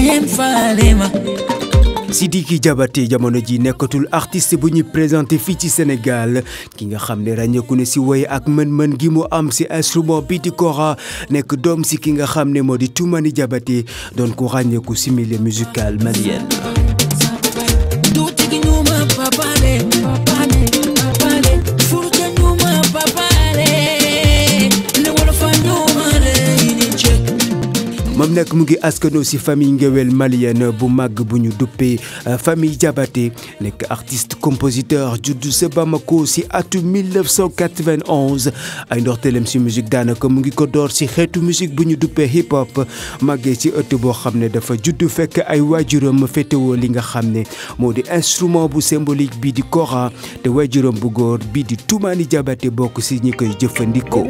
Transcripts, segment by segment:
ci faale ma Sidiki jamono ji nekkatul artiste buñuy ñu présenté fii ci Sénégal ki nga xam ne ràññeeku ne si woy ak mën-mën gi mu am ci instrument bi di kora nekk doom ci ki nga xam ne moo di tumani Diabaté doon ko ràññeeku si milieu musical malien moom nekk mu ngi askanoo si famille ngéwél malienne bu màgg bu ñu duppee euh, famille Diabaté nekk artiste compositeur juddu sa Bamako ci atu 1991 ay ndorteelem si musique daanaka mu ngi ko door ci xeetu musique bu ñu duppee hip hop màggee ci ëtt boo xam ne dafa juddu fekk ay waajuram féetewoo li nga xam ne moo di instrument bu symbolique bii di kora te waajuram bu góor bii di Toumani Diabaté bokk si ñi koy jëfandikoo.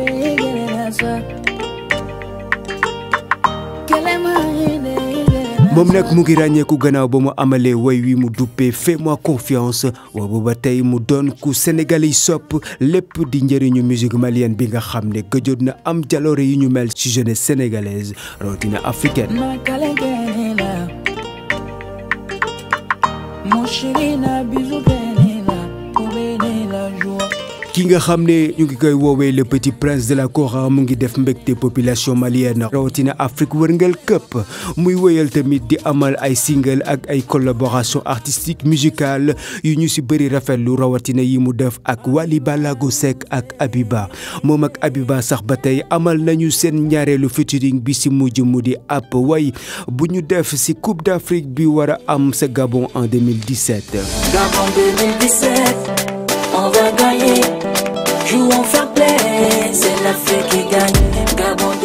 moom nag mu ngi ràññeeku gannaaw ba mu amalee way wi mu duppee fais-moi confiance waaw booba tey mu doon ku Sénégal sopp lépp di njëriñu musique malienne bi nga xam ne gëjoon na am jaloore yu ñu mel ci jeunesse sénégalaise rawatina africaine. ki nga xam ne ñu ngi koy woowee le petit prince de la Kora mu ngi def mbégte population malienne rawatina Afrique wërngal këpp muy wéyal tamit di amal ay single ak ay collaboration artistique musicale yu ñu ci bari rafet lu rawatina yi mu def ak Wally Ballago Seck ak Abiba moom ak Abiba sax ba tey amal nañu seen ñaareelu featuring bi ci mujj mu di ab way bu ñu def ci Coupe d'Afrique bi war a am sa Gabon en 2017. Gabon 2017.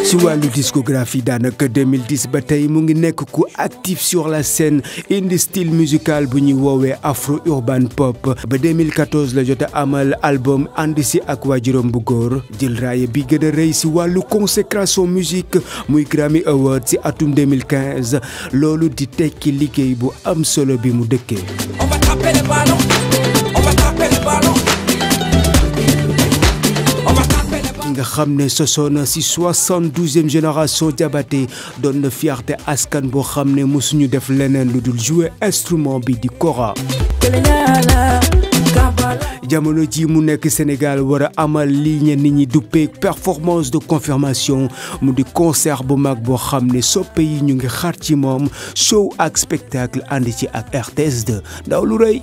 ci wàllu discographie daanaka 2010 ba tey mu ngi nekk ku actif sur la scène indi style musical bu ñuy woowee afro urban pop ba la jot amal album ànd ci ak waajuram bu góor jël raaya bi gën a rëy ci wàllu consécration musique muy Grammy Award ci atum 2015 loolu di tekki liggéey bu am solo bi mu dëkkee. ki nga xam ne sosoon si soixante-douzième génération Diabaté doon na fierté askan boo xam ne mësuñu def leneen lu dul jouer instrument bi di kora jamono ji mu nekk Sénégal wara amal li ñenn nit ñi duppee performance de confirmation mu di concert bu mag boo xam ne soppe yi ñu ngi xar ci moom soow ak spectacle ànd ci ak rts ndaw lu rëy